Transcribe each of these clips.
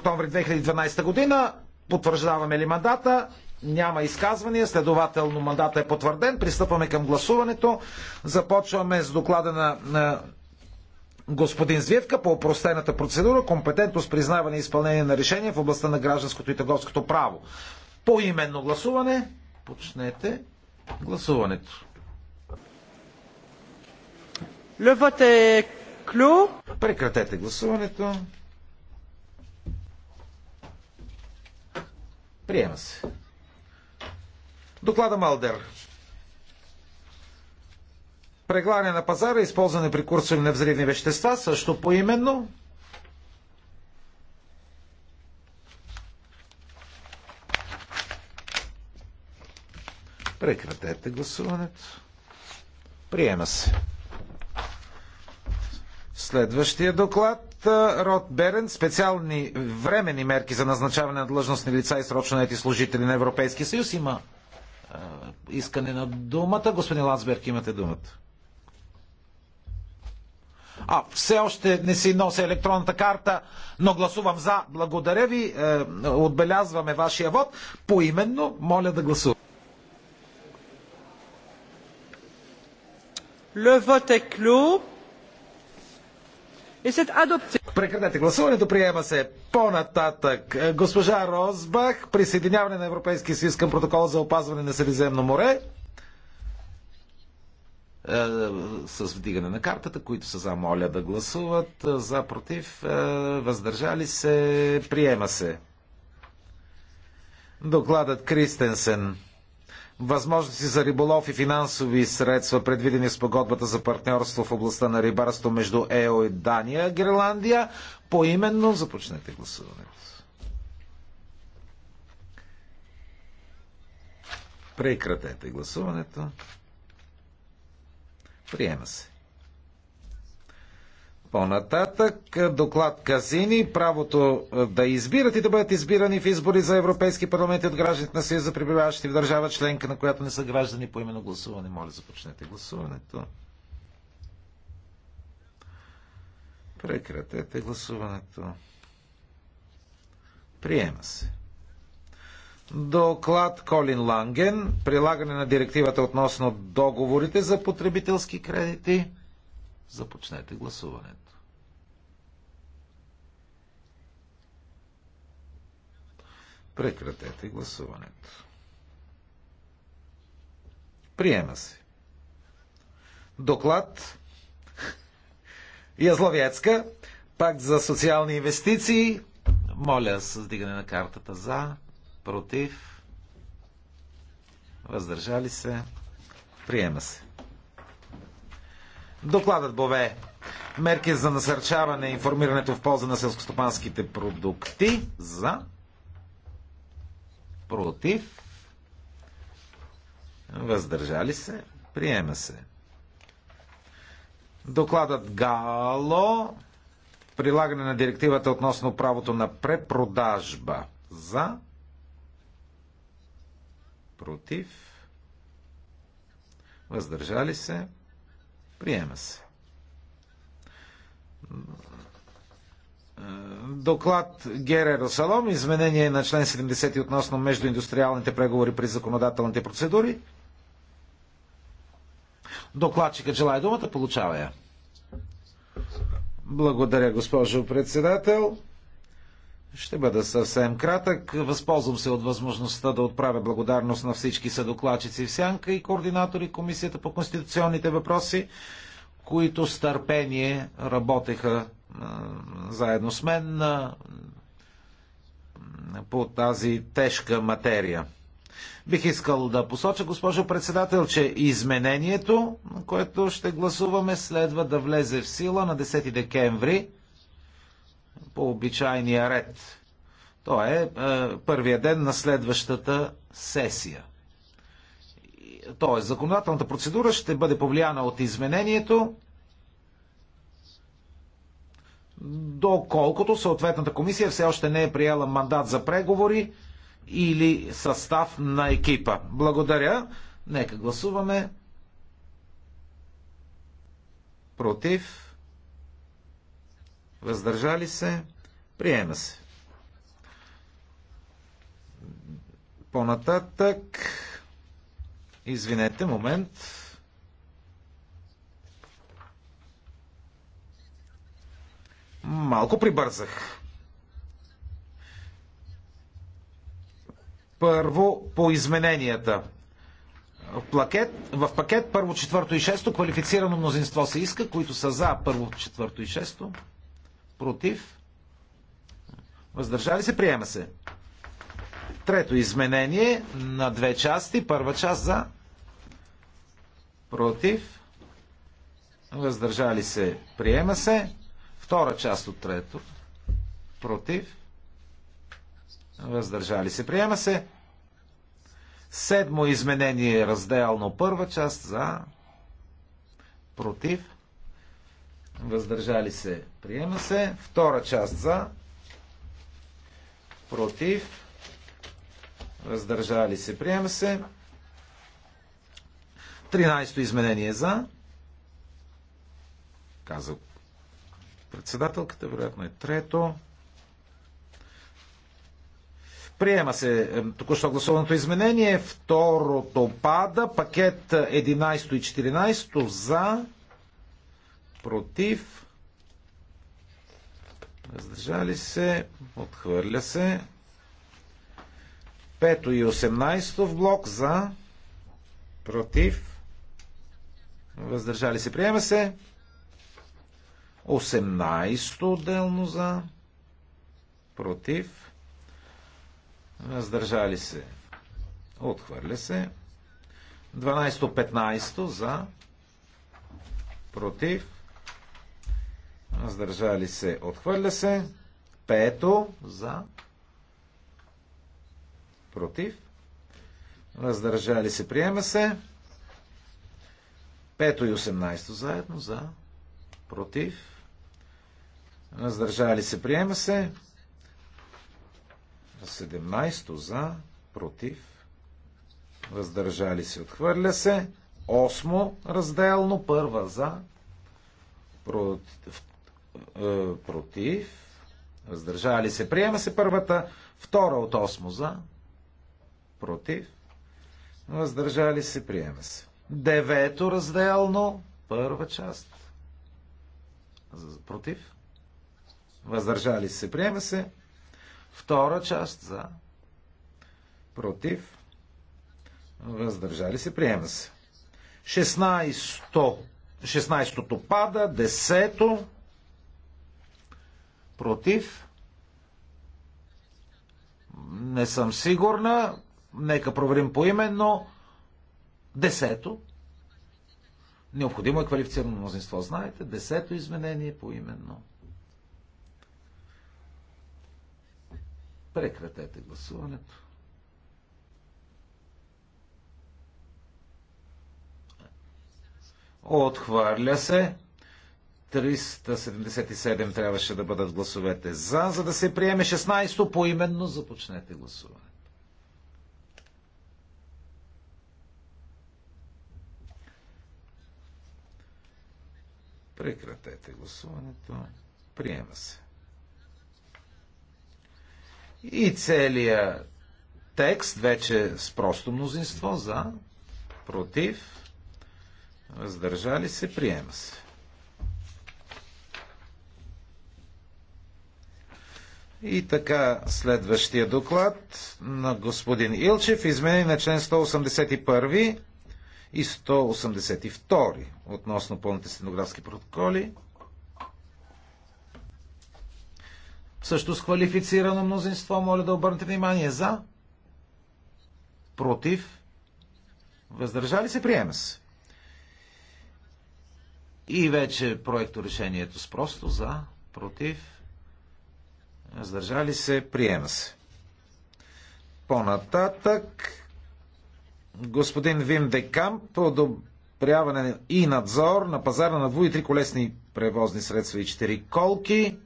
октомври 2012 година. Потвърждаваме ли мандата? Няма изказвания, следователно мандата е потвърден. Пристъпваме към гласуването. Започваме с доклада на, на господин Звивка по опростената процедура, компетентност, признаване и изпълнение на решения в областта на гражданското и търговското право. По именно гласуване. Почнете гласуването. Le vote е Прекратете гласуването. Приема се. Доклада Малдер. Преглане на пазара, използване при курсове на взривни вещества, също поименно. Прекратете гласуването. Приема се. Следващия доклад. Род Берен. Специални временни мерки за назначаване на длъжностни лица и срочно наети служители на Европейския съюз. Има а, искане на думата. Господин Лансберг, имате думата. А, все още не си нося електронната карта, но гласувам за. Благодаря ви. Е, отбелязваме вашия вод. Поименно, моля да гласувам. Le vote est clos. Прекратете гласуването, приема се по-нататък. Госпожа Розбах, присъединяване на Европейския съюз към протокола за опазване на Средиземно море. Е, с вдигане на картата, които са за моля да гласуват, за против, е, въздържали се, приема се. Докладът Кристенсен възможности за риболов и финансови средства, предвидени с погодбата за партньорство в областта на рибарство между ЕО и Дания, Гренландия, поименно започнете гласуването. Прекратете гласуването. Приема се. По-нататък доклад Казини, правото е, да избират и да бъдат избирани в избори за Европейски парламент от гражданите на Съюза, пребиваващи в държава членка, на която не са граждани по именно гласуване. Моля, започнете гласуването. Прекратете гласуването. Приема се. Доклад Колин Ланген. Прилагане на директивата относно договорите за потребителски кредити. Започнете гласуването. Прекратете гласуването. Приема се. Доклад Язловецка, пакт за социални инвестиции. Моля с дигане на картата за, против, въздържали се. Приема се. Докладът Бове. Мерки за насърчаване и информирането в полза на селскостопанските продукти. За. Против. Въздържали се. Приема се. Докладът Гало. Прилагане на директивата относно правото на препродажба. За. Против. Въздържали се. Приема се. Доклад Гере Салом, изменение на член 70 относно междуиндустриалните преговори при законодателните процедури. Докладчика желая думата, получава я. Благодаря, госпожо председател. Ще бъда съвсем кратък. Възползвам се от възможността да отправя благодарност на всички съдокладчици в Сянка и координатори Комисията по конституционните въпроси, които с търпение работеха заедно с мен по тази тежка материя. Бих искал да посоча, госпожо председател, че изменението, което ще гласуваме, следва да влезе в сила на 10 декември по обичайния ред. То е, е първия ден на следващата сесия. Тоест, законодателната процедура ще бъде повлияна от изменението, доколкото съответната комисия все още не е приела мандат за преговори или състав на екипа. Благодаря. Нека гласуваме. Против въздържали се, приема се. Понататък, извинете, момент. Малко прибързах. Първо по измененията. В, плакет, в пакет първо, четвърто и шесто квалифицирано мнозинство се иска, които са за първо, четвърто и шесто против, въздържали се, приема се. Трето изменение на две части. Първа част за против, въздържали се, приема се. Втора част от трето против, въздържали се, приема се. Седмо изменение разделно първа част за против, въздържали се, приема се. Втора част за, против, въздържали се, приема се. 13-то изменение за, каза председателката, вероятно е трето. Приема се е, току-що гласованото изменение. Второто пада. Пакет 11 и 14 за против, въздържали се, отхвърля се. Пето и 18 в блок за, против, въздържали се, приема се. 18 отделно за, против, въздържали се, отхвърля се. 12-15 за, против, въздържали се, отхвърля се. Пето за, против, въздържали се, приема се. Пето и 18 заедно за, против, въздържали се, приема се. 17 за, против, въздържали се, отхвърля се. Осмо разделно, първа за, против, е, против, въздържали се. Приема се първата, втора от осмо за, против, въздържали се, приема се. Девето разделно, първа част, против, въздържали се, приема се. Втора част за, против, въздържали се, приема се. 16-то 16 пада, 10-то Против? Не съм сигурна. Нека проверим по именно. Десето. Необходимо е квалифицирано мнозинство. Знаете, десето изменение по именно. Прекратете гласуването. Отхвърля се. 377 трябваше да бъдат гласовете за, за да се приеме 16-то поименно. Започнете гласуването. Прекратете гласуването. Приема се. И целият текст вече с просто мнозинство за, против, въздържали се, приема се. И така, следващия доклад на господин Илчев, изменение на член 181 и 182 относно пълните стенографски протоколи. Също с квалифицирано мнозинство, моля да обърнете внимание за, против, въздържали се, приема се. И вече проекто решението с просто за, против, Въздържали се, приема се. По-нататък, господин Вим Декамп, одобряване и надзор на пазара на дво и три колесни превозни средства и 4 колки.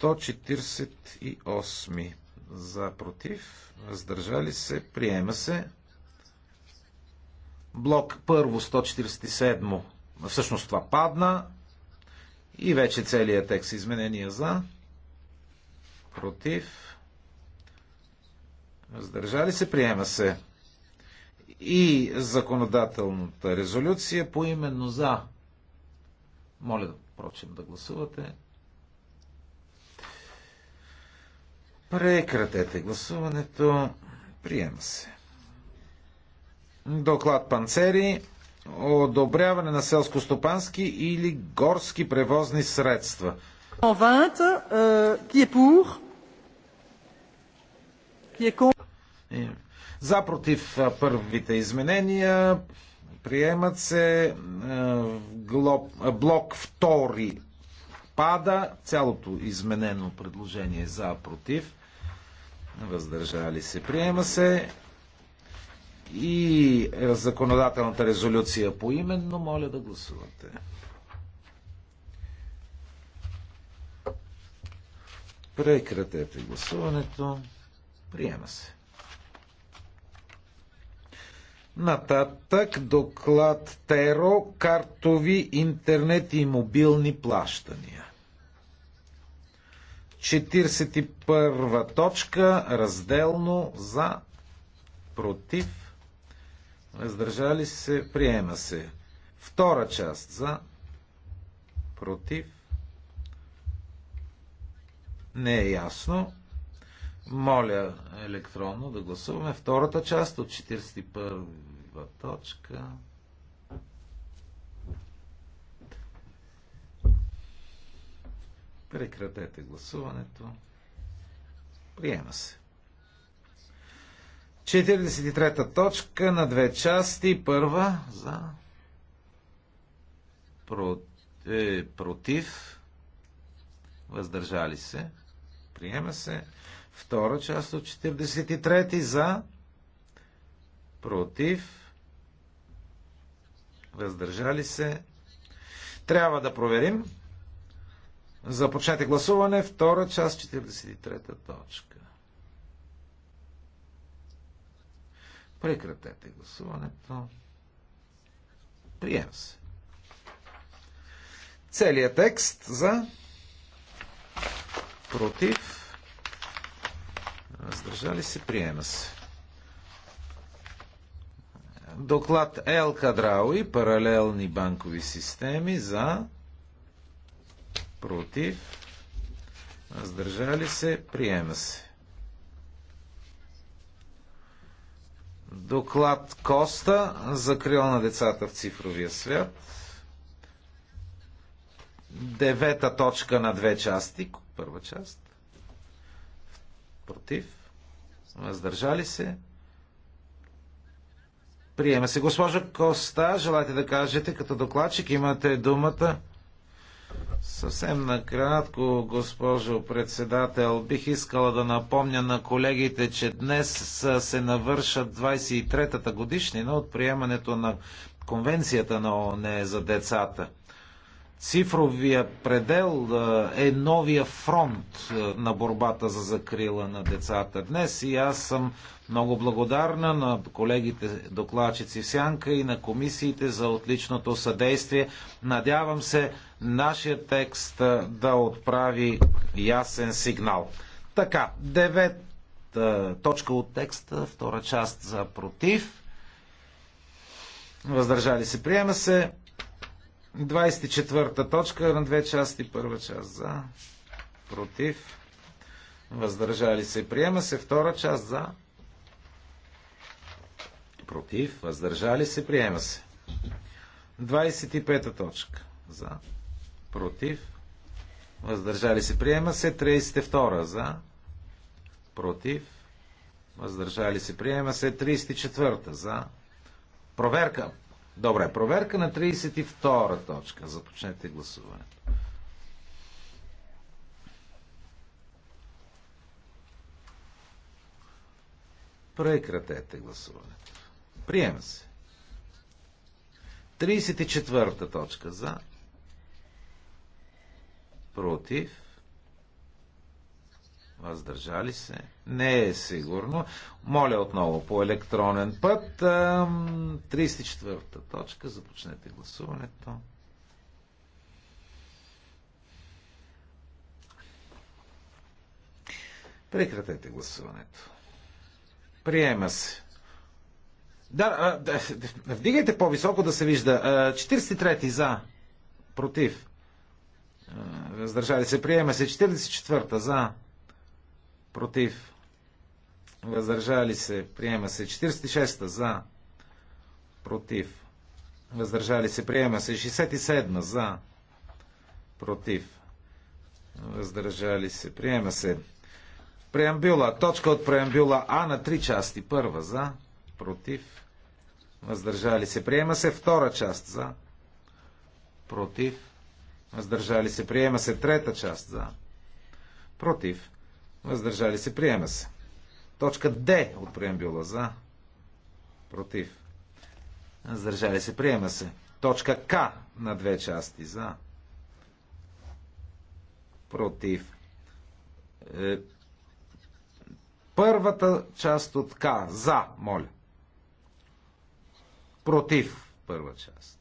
148 за против, въздържали се, приема се. Блок първо 147, всъщност това падна, и вече целият текст изменения за, против, въздържали се, приема се. И законодателната резолюция по именно за. Моля, да прочим да гласувате. Прекратете гласуването. Приема се. Доклад Панцери одобряване на селскостопански или горски превозни средства. Euh, за против първите изменения приемат се блок втори пада цялото изменено предложение за против въздържали се приема се и законодателната резолюция по именно, моля да гласувате. Прекратете гласуването. Приема се. Нататък доклад Теро, картови, интернет и мобилни плащания. 41 точка, разделно за, против, Въздържали се, приема се. Втора част за, против, не е ясно. Моля електронно да гласуваме втората част от 41-ва точка. Прекратете гласуването. Приема се. 43-та точка на две части. Първа за Про... е, против. Въздържали се. Приема се. Втора част от 43-ти за против. Въздържали се. Трябва да проверим. Започнете гласуване. Втора част, 43-та точка. Прекратете гласуването. Приема се. Целият текст за против раздържали се, приема се. Доклад Ел Кадрауи, паралелни банкови системи за против раздържали се, приема се. Доклад Коста за крила на децата в цифровия свят. Девета точка на две части. Първа част. Против. Въздържали се. Приема се. Госпожа Коста, желаете да кажете като докладчик, имате думата. Съвсем накратко, госпожо председател, бих искала да напомня на колегите, че днес се навършат 23-та годишнина от приемането на Конвенцията на ООН за децата. Цифровия предел е новия фронт на борбата за закрила на децата днес и аз съм много благодарна на колегите докладчици в Сянка и на комисиите за отличното съдействие. Надявам се нашия текст да отправи ясен сигнал. Така, девет точка от текста, втора част за против. Въздържали се, приема се. 24-та точка на две части. Първа част за, против, въздържали се. Приема се втора част за, против, въздържали се. Приема се. 25-та точка за, против, въздържали се. Приема се. 32-та за, против, въздържали се. Приема се. 34-та за, проверка. Добре, проверка на 32 точка. Започнете гласуването. Прекратете гласуването. Приема се. 34 точка за. Против въздържали се. Не е сигурно. Моля отново по електронен път. 34-та точка. Започнете гласуването. Прекратете гласуването. Приема се. Да, да вдигайте по-високо да се вижда. 43-ти за. Против. Въздържали се. Приема се. 44-та за против, въздържали се, приема се 46-та за, против, въздържали се, приема се 67-та за, против, въздържали се, приема се. Преамбюла, точка от преамбюла А на три части. Първа за, против, въздържали се, приема се. Втора част за, против, въздържали се, приема се. Трета част за, против, Въздържали се. Приема се. Точка Д от преамбюла за. Против. Въздържали се. Приема се. Точка К на две части за. Против. Е, първата част от К. За, моля. Против първа част.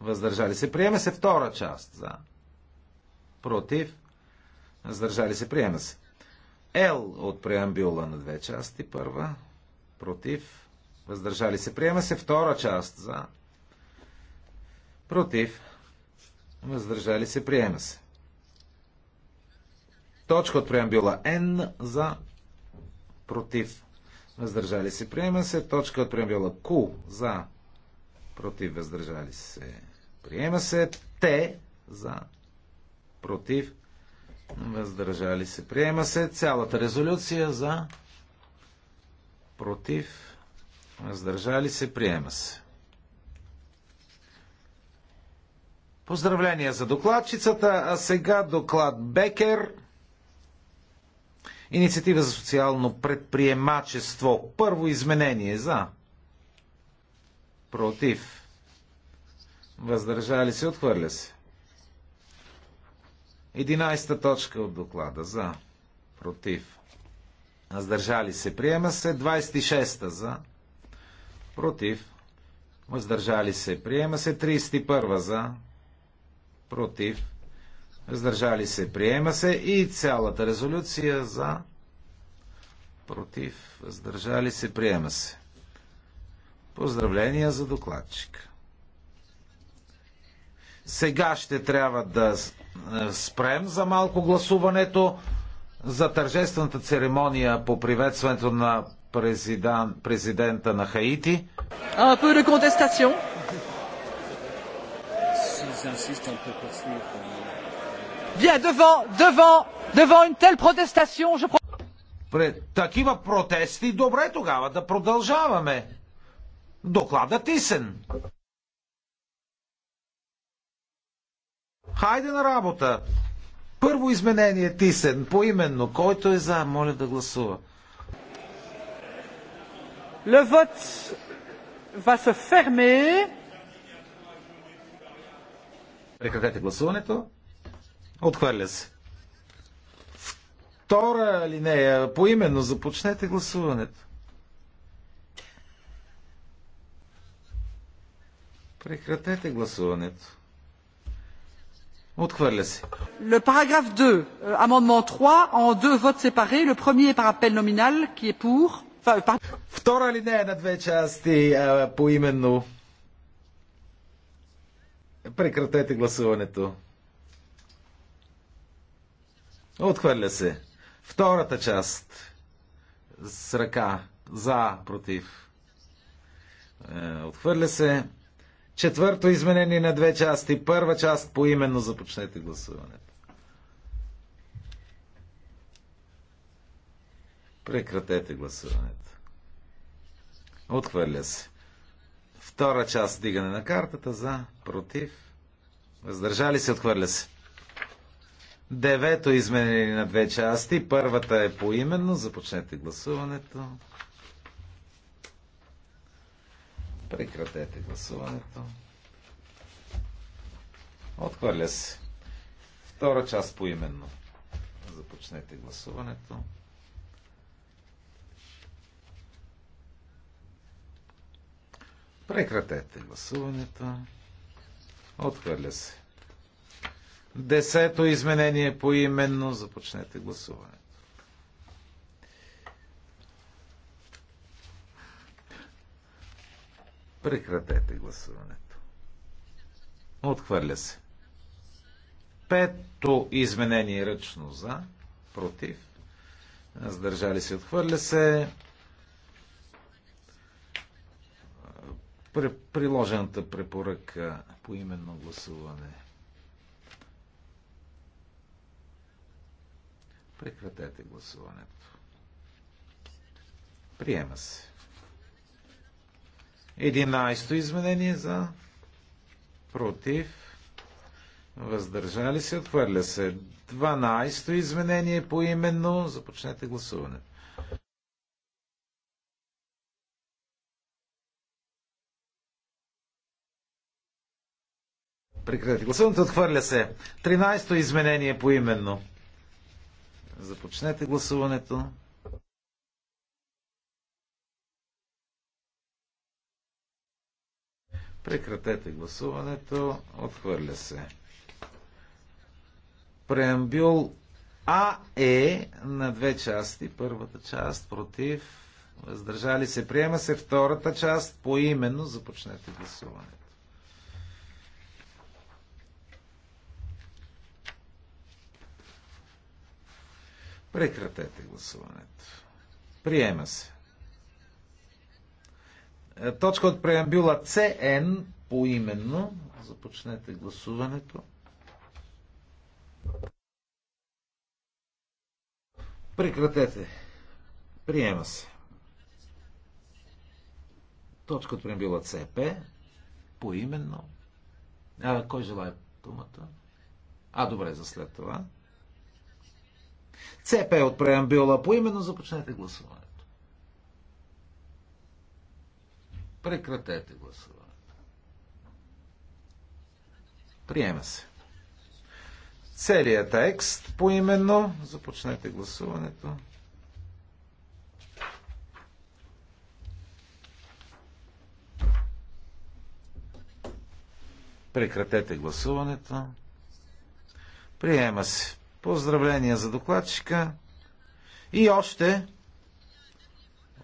Въздържали се. Приема се втора част. За. Против. Въздържали се. Приема се. Л от преамбюла на две части. Първа. Против. Въздържали се. Приема се втора част. За. Против. Въздържали се. Приема се. Точка от преамбюла Н за. Против. Въздържали се. Приема се. Точка от преамбюла Q за. Против. Въздържали се. Приема се. Т за. Против Въздържали се. Приема се цялата резолюция за против. Въздържали се. Приема се. Поздравления за докладчицата, а сега доклад Бекер. Инициатива за социално предприемачество. Първо изменение за. Против. Въздържали се. Отхвърля се. 11 точка от доклада за, против, въздържали се, приема се. 26 за, против, въздържали се, приема се. 31 за, против, въздържали се, приема се. И цялата резолюция за, против, въздържали се, приема се. Поздравления за докладчика. Сега ще трябва да е, спрем за малко гласуването за тържествената церемония по приветстването на президент, президента на Хаити. Un euh, devant, devant, devant une telle protestation, je Пред такива протести, добре тогава да продължаваме. Докладът Тисен. Е Хайде на работа! Първо изменение Тисен, поименно. Който е за, моля да гласува. Le vote va se fermer. Прекратете гласуването. Отхвърля се. Втора линея, поименно започнете гласуването. Прекратете гласуването. Отхвърля се. Le paragraphe 2, euh, amendement 3, en deux votes séparés. Le premier par appel nominal, qui est pour. Euh, Втора линия е на две части по именно. Прекратете гласуването. Отхвърля се. Втората част. С ръка. За, против. Е, отхвърля се. Четвърто изменение на две части. Първа част по именно започнете гласуването. Прекратете гласуването. Отхвърля се. Втора част дигане на картата за, против. Въздържали се, отхвърля се. Девето изменение на две части. Първата е поименно. Започнете гласуването. Прекратете гласуването. Отхвърля се. Втора част поименно. Започнете гласуването. Прекратете гласуването. Отхвърля се. Десето изменение по именно. Започнете гласуването. Прекратете гласуването. Отхвърля се. Пето изменение ръчно за, против. Сдържали се, отхвърля се. Приложената препоръка по именно гласуване. Прекратете гласуването. Приема се. 11 изменение за против. Въздържали се, отхвърля се. 12-то изменение по именно. Започнете гласуване. Прекратете гласуването, отхвърля се. 13-то изменение по именно. Започнете гласуването. Прекратете гласуването. Отхвърля се. Преамбюл А е на две части. Първата част против. Въздържали се. Приема се втората част. Поименно започнете гласуването. Прекратете гласуването. Приема се. Е, точка от преамбюла CN поименно. Започнете гласуването. Прекратете. Приема се. Точка от преамбюла CP поименно. А, кой желая думата? А, добре, за след това. CP от преамбюла поименно започнете гласуване. Прекратете гласуването. Приема се. Целият текст по именно. Започнете гласуването. Прекратете гласуването. Приема се. Поздравления за докладчика. И още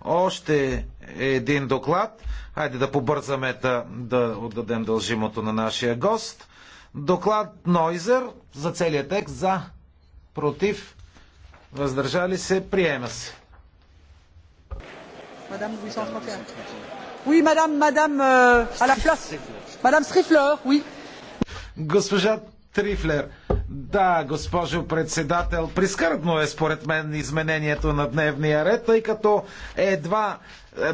още един доклад. Хайде да побързаме да, да отдадем дължимото на нашия гост. Доклад Нойзер за целият текст за против въздържали се приема се. Мадам 831. Oui, мадам, мадам, euh, la place. Госпожа Трифлер. Да, госпожо председател, прискърбно е според мен изменението на дневния ред, тъй като едва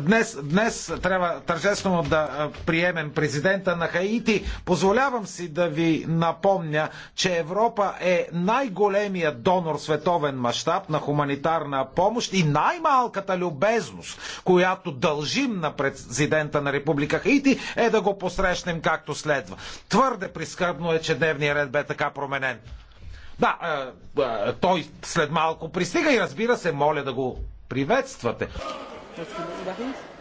Днес, днес трябва тържествено да приемем президента на Хаити. Позволявам си да ви напомня, че Европа е най-големият донор световен мащаб на хуманитарна помощ и най-малката любезност, която дължим на президента на Република Хаити, е да го посрещнем както следва. Твърде прискърбно е, че дневният ред бе така променен. Да, е, е, той след малко пристига и разбира се, моля да го приветствате das